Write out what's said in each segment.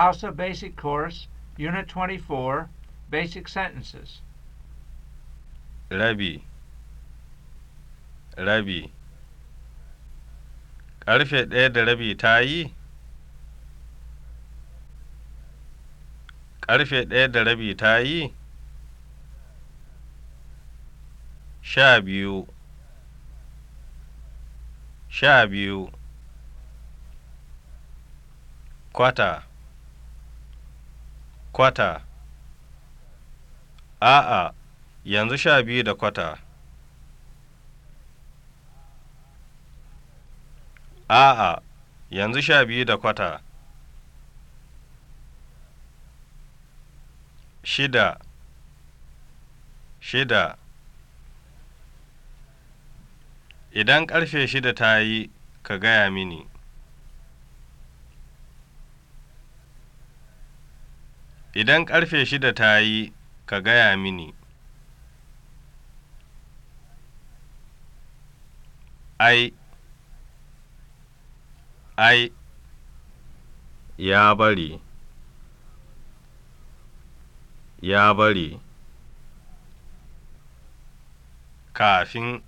HAUSA Basic Course, Unit 24, Basic Sentences. Rabi Rabi Ƙarfe ɗaya da rabi ta yi? Ƙarfe ɗaya da rabi ta yi? Sha biyu Sha biyu Kwata Kwata A'a, yanzu sha biyu da kwata. A'a, yanzu sha biyu da kwata. Shida Shida Idan ƙarfe shida ta yi, ka gaya mini. Idan ƙarfe shida ta yi, ka gaya mini. Ai, ai, ya bari, ya bari. Kafin,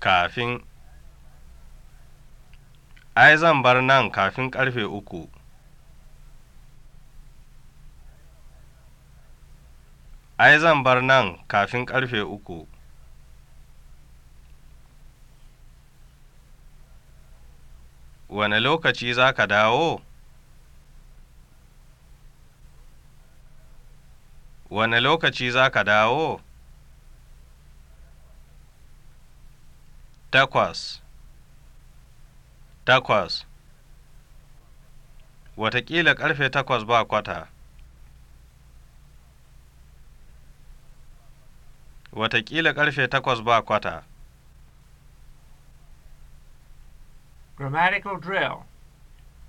kafin. Ai, zan bar nan kafin ƙarfe uku. Ai zan bar nan kafin ƙarfe uku. Wane lokaci za ka dawo? Wane lokaci za ka dawo? Takwas Takwas Wataƙila ƙarfe takwas ba kwata. wataƙila ƙarfe takwas ba kwata. Grammatical drill.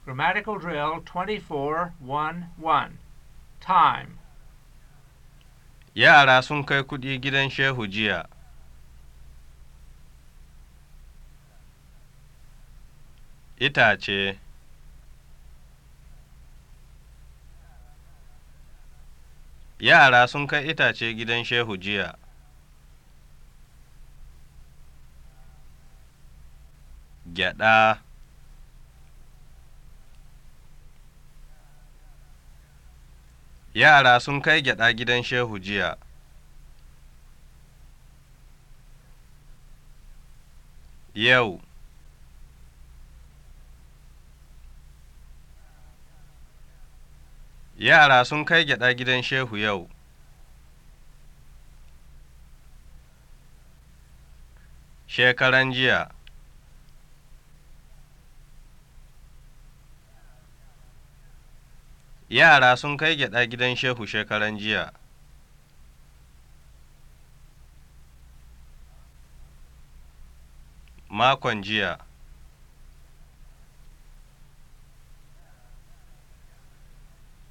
Grammatical drill 24-1-1. Time. Yara sun kai kuɗi gidan Shehu jiya. Itace. Yara sun kai itace gidan Shehu jiya. gyada yara sun kai gyada gidan shehu jiya yau yara sun kai gyada gidan shehu yau shekaran jiya Yara sun kai gyaɗa gidan Shehu shekaran jiya. Makon jiya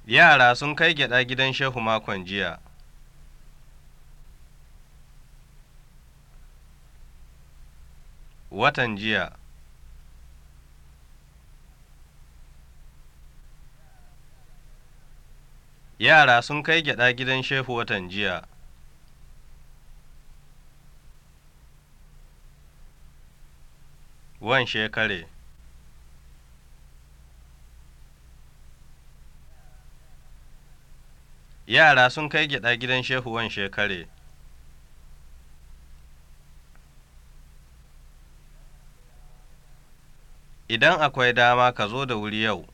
Yara sun kai gyaɗa gidan Shehu makon jiya. Watan jiya yara sun kai gyada gidan shehu watan jiya wan shekare yara sun kai gyada gidan shehu wan shekare idan akwai dama ka zo da wuri yau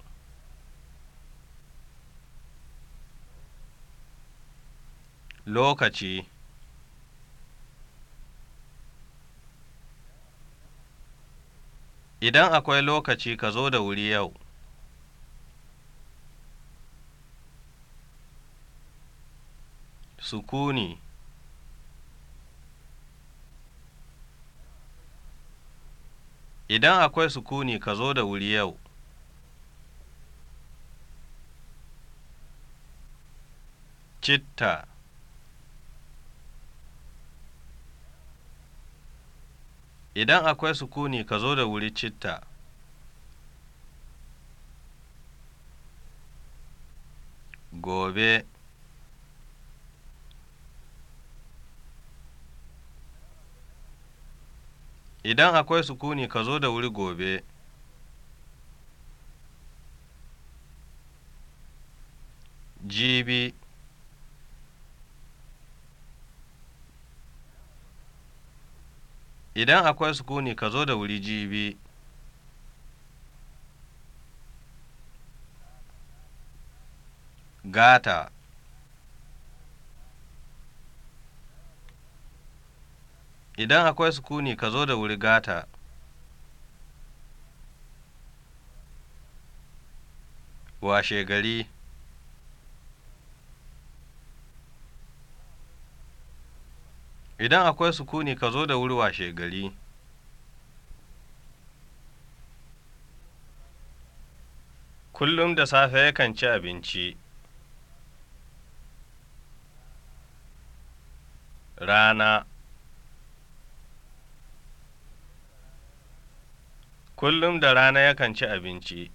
lokaci idan akwai lokaci ka zo da wuri yau sukuni idan akwai sukuni ka zo da wuri yau citta Idan akwai sukuni ka zo da wuri citta. Gobe Idan akwai sukuni ka zo da wuri gobe. Jibi idan akwai sukuni ka zo da wuri jibi gata idan akwai sukuni ka zo da wuri gata washe gari idan akwai sukuni ka zo da wuri washe gari kullum da safe yakan ci abinci rana kullum da rana yakan ci abinci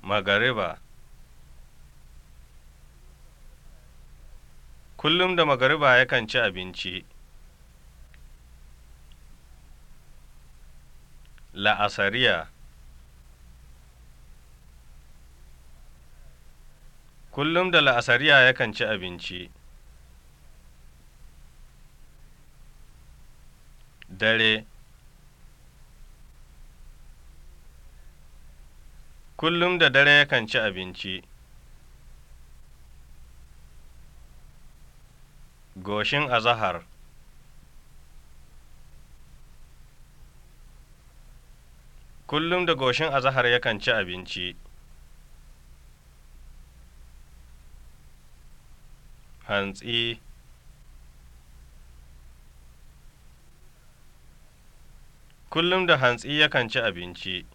magariba kullum da magariba yakan ci abinci la'asariya kullum da la'asariya yakan ci abinci dare kullum da dare yakan ci abinci goshin azahar kullum da goshin azahar yakan ci abinci hantsi kullum da hantsi yakan ci abinci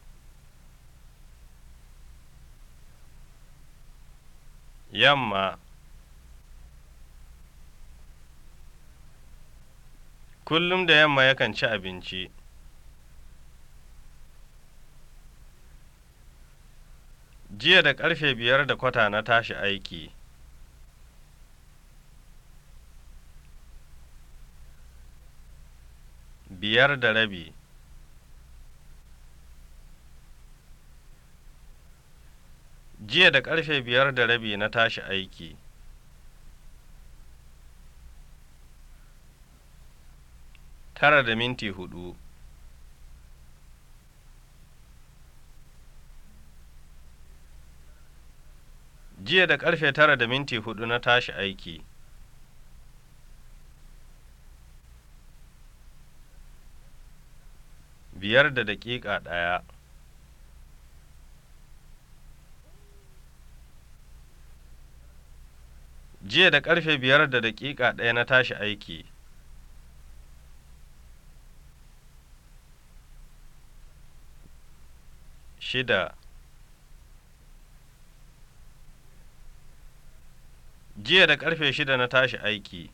yamma Kullum da yamma yakan ci abinci. Jiya da ƙarfe biyar da kwata na tashi aiki. Biyar da rabi. Jiya da ƙarfe biyar da rabi na tashi aiki. tara da minti hudu. Jiya da karfe tara da minti hudu na tashi aiki. Biyar da daƙiƙa ɗaya. Jiya da karfe biyar da daƙiƙa ɗaya na tashi aiki. shida jiya da karfe shida na tashi aiki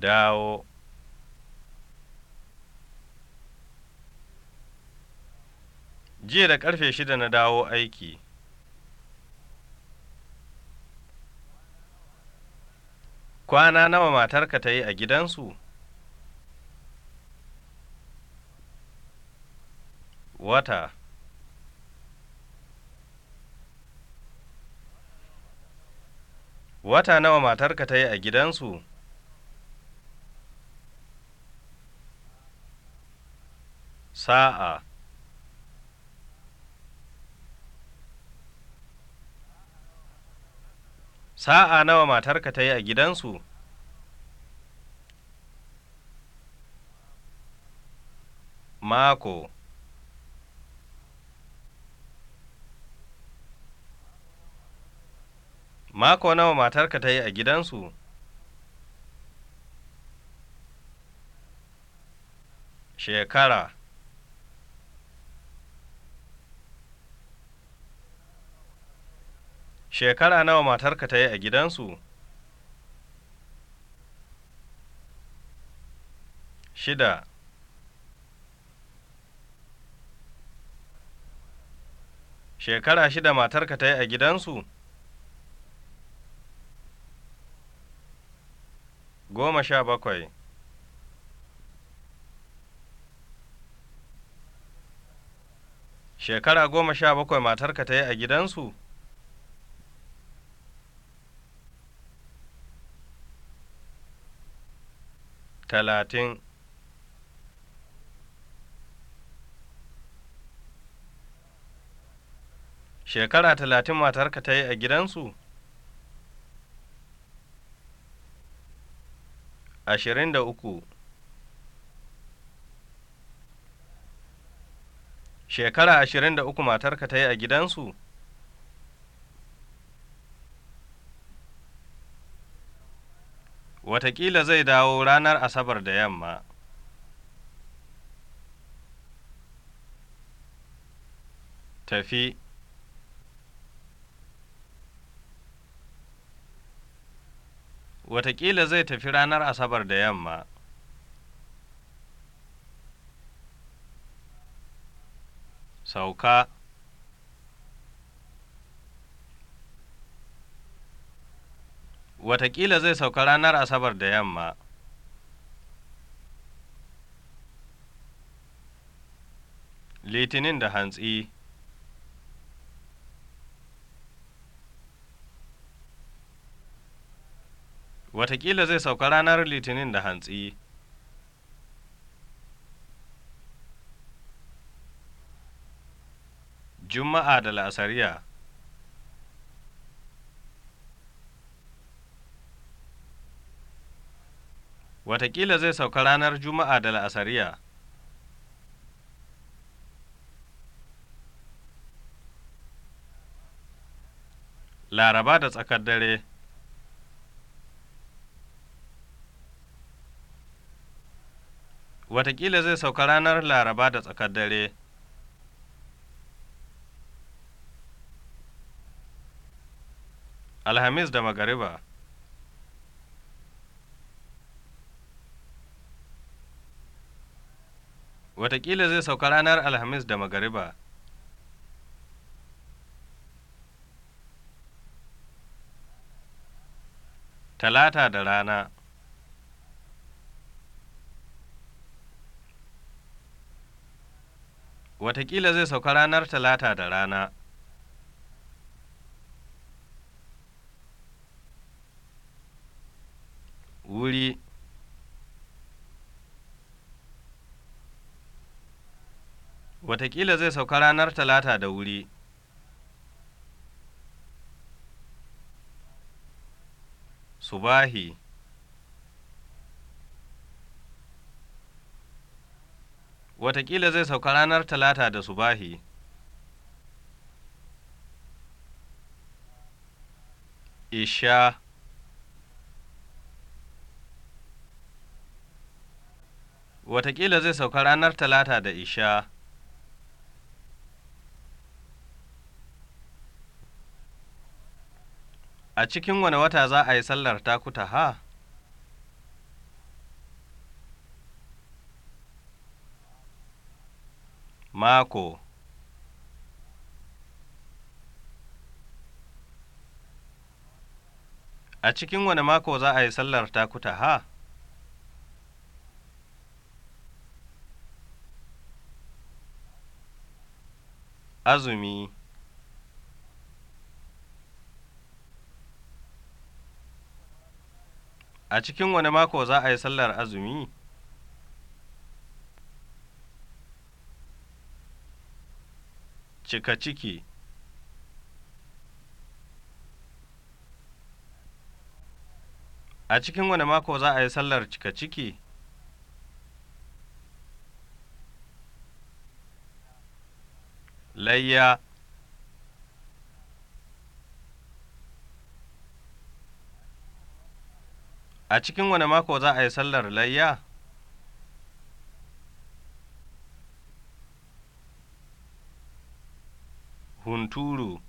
dawo jiya da karfe shida na dawo aiki kwana nawa matarka ta yi a gidansu wata wata nawa matarka ta yi a gidansu sa'a sa'a nawa matarka ta yi a gidansu mako Mako nawa matarka ta yi a gidansu? Shekara Shekara nawa matarka ta yi a gidansu? Shida Shekara shida matarka ta yi a gidansu? goma sha bakwai shekara goma sha bakwai matarka ta yi a gidansu talatin shekara talatin matarka ta yi a gidansu ashirin da uku shekara ashirin da uku matarka ta yi a gidansu Wataƙila zai dawo ranar asabar da yamma tafi Wataƙila zai tafi ranar Asabar da yamma. Sauka Wataƙila zai sauka ranar Asabar da yamma. Litinin da hantsi watakila zai sauka ranar litinin da hantsi juma'a da la'asariya watakila zai sauka ranar juma'a da la'asariya laraba da tsakar dare Wataƙila zai sauka ranar laraba da tsakar dare alhamis da magariba watakila zai sauka ranar alhamis da magariba talata da rana Wataƙila zai sauka ranar Talata da rana. Wuri Wataƙila zai sauka ranar Talata da wuri. Subahi Wataƙila zai sauka ranar Talata da Subahi. Isha Wataƙila zai sauka ranar Talata da Isha. A cikin wani wata za a yi sallar takuta ha? mako a cikin wani mako za a yi sallar ha? azumi a cikin wani mako za a yi sallar azumi Cika ciki A cikin wani mako za a yi sallar cika ciki? Layya A cikin wani mako za a yi sallar layya? hunturu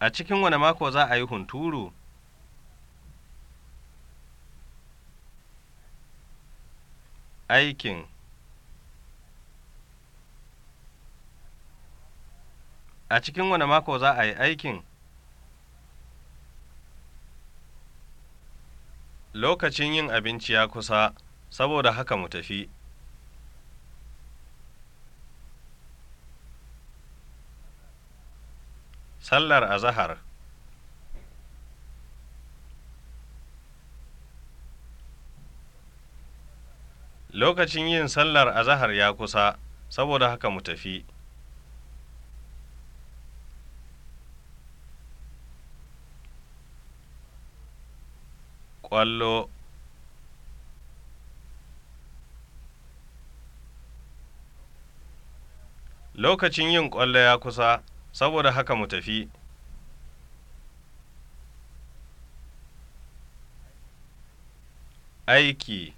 a cikin wane mako za a yi hunturu aikin a cikin wane mako za a yi aikin lokacin yin abinci ya kusa saboda haka mu tafi sallar azahar lokacin yin sallar azahar ya kusa saboda haka mu tafi ƙwallo Lokacin yin ƙwallo ya kusa, saboda haka mu tafi. Aiki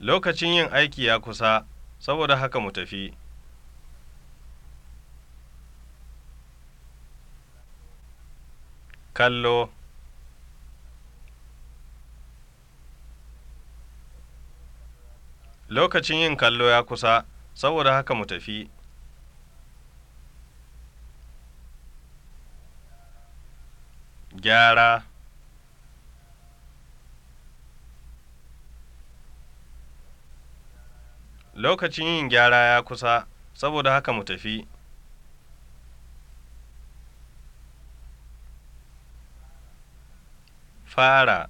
Lokacin yin aiki ya kusa, saboda haka mu tafi. Kallo lokacin yin kallo ya kusa saboda haka mu tafi gyara lokacin yin gyara ya kusa saboda haka mu tafi fara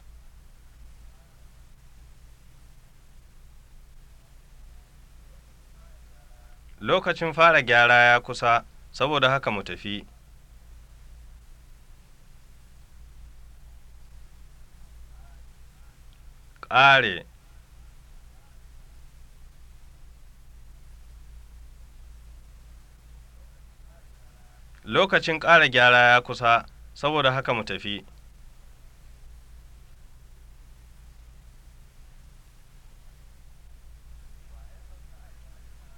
lokacin fara gyara ya kusa saboda haka mu tafi ƙare lokacin ƙara gyara ya kusa saboda haka mu tafi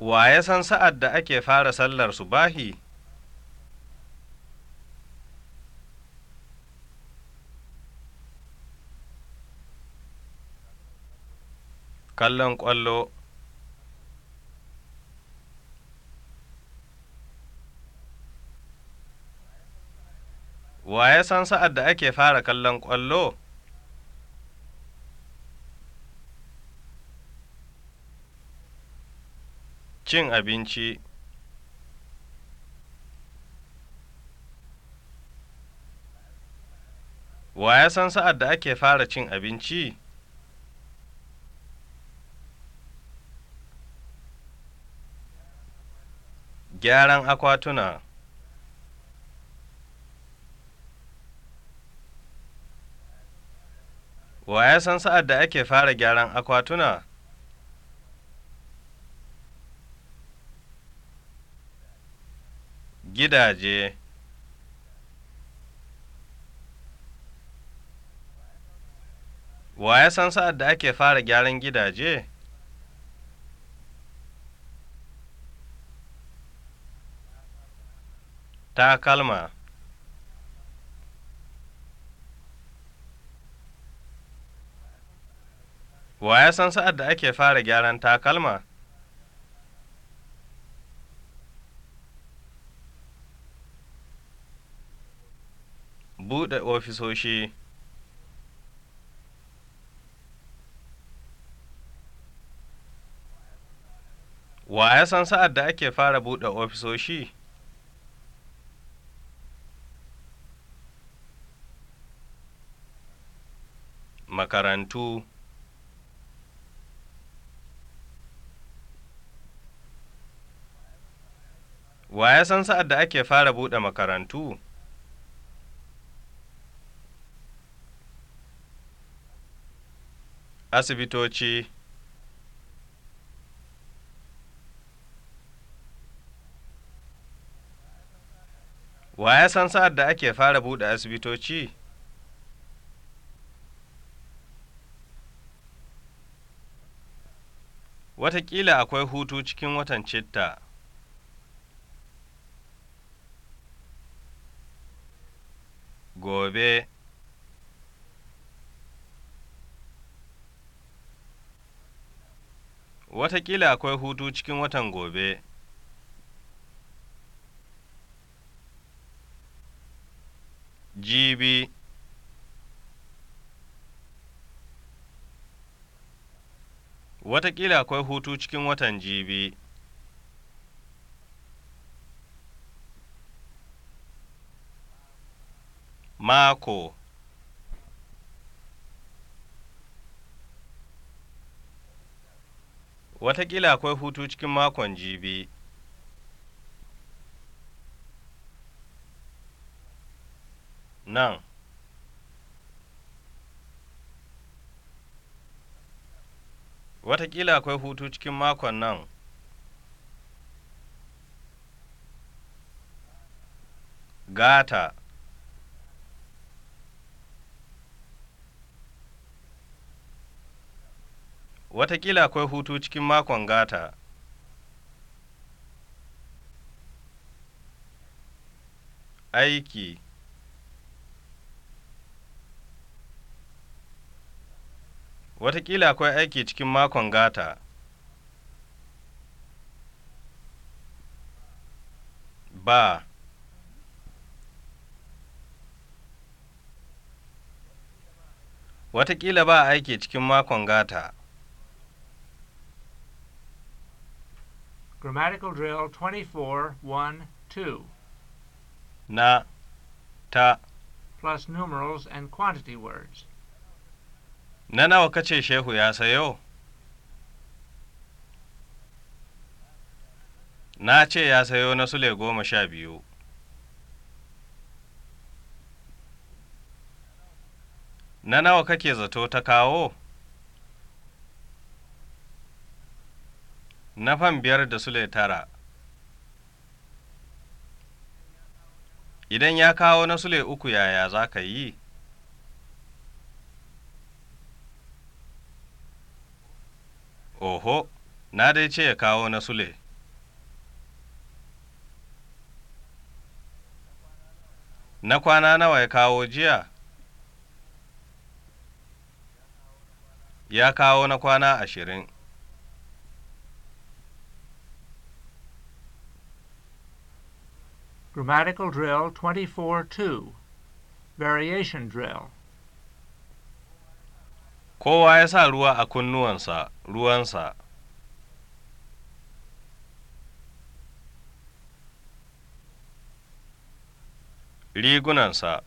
wa ya san sa'ad da ake fara sallar subahi kallon ƙwallo wa ya san sa'ad da ake fara kallon ƙwallo Cin abinci Wa ya san sa'ad da ake fara cin abinci? Gyaran akwatuna Wa ya san sa'ad da ake fara gyaran akwatuna? gidaje wa ya san sa'ad da ake fara gyaran gidaje takalma wa ya san sa'ad da ake fara gyaran takalma buɗe ofisoshi wa ya san sa'ad da ake fara buɗe ofisoshi makarantu wa ya san sa'ad da ake fara buɗe makarantu asibitoci wa ya san sa'ad da ake fara buɗe asibitoci Wataƙila akwai hutu cikin watan citta. Gobe Wataƙila akwai hutu cikin watan gobe. Jibi Wataƙila akwai hutu cikin watan jibi. Mako Wataƙila akwai hutu cikin makon jibi. Nan. Wataƙila akwai hutu cikin makon nan. Gata. Wataƙila akwai hutu cikin makon gata. Aiki Wataƙila akwai aiki cikin makon gata. Ba Wataƙila ba aiki cikin makon gata. Grammatical Drill 24 1 2. Na, ta. Plus numerals and quantity words. Na nawa kace Shehu ya sayo? Na ce ya sayo na Sule goma sha biyu. Na nawa kake zato ta kawo? na fan biyar da sule tara idan ya kawo na sule uku yaya za ka yi oho na dai ce ya kawo na sule na kwana nawa ya kawo jiya ya kawo na kwana ashirin Grammatical Drill 24-2 Variation Drill Kowa ya sa ruwa a kunnuwansa, ruwansa. Rigunansa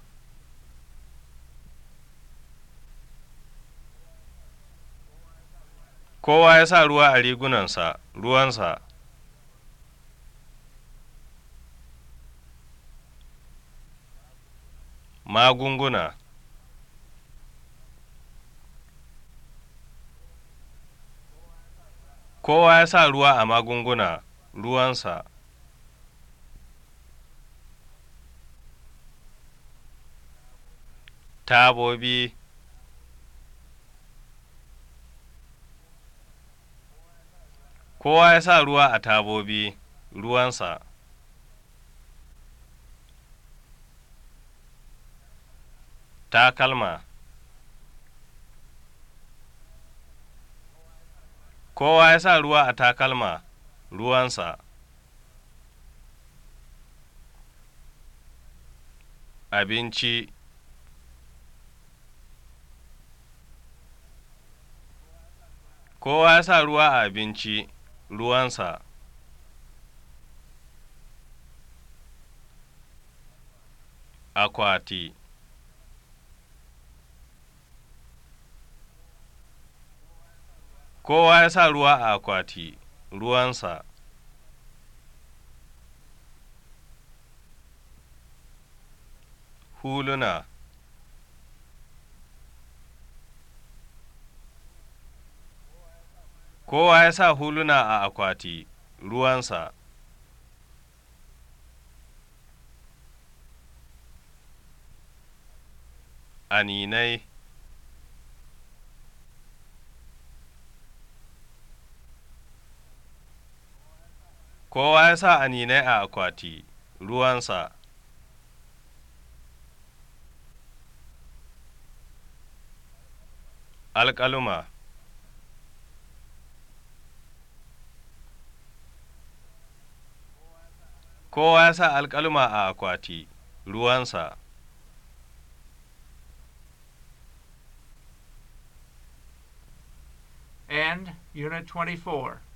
Kowa ya sa ruwa a rigunansa, ruwansa. magunguna kowa ya sa ruwa a magunguna ruwansa tabobi kowa ya sa ruwa a tabobi ruwansa takalma kowa ya sa ruwa a takalma ruwansa abinci kowa ya sa ruwa a abinci ruwansa akwati kowa ya sa ruwa a akwati ruwansa huluna kowa ya sa huluna a akwati ruwansa aninai kowa ya sa aninai a akwati ruwansa alƙaluma kowa ya sa alƙaluma a akwati ruwansa and unit 24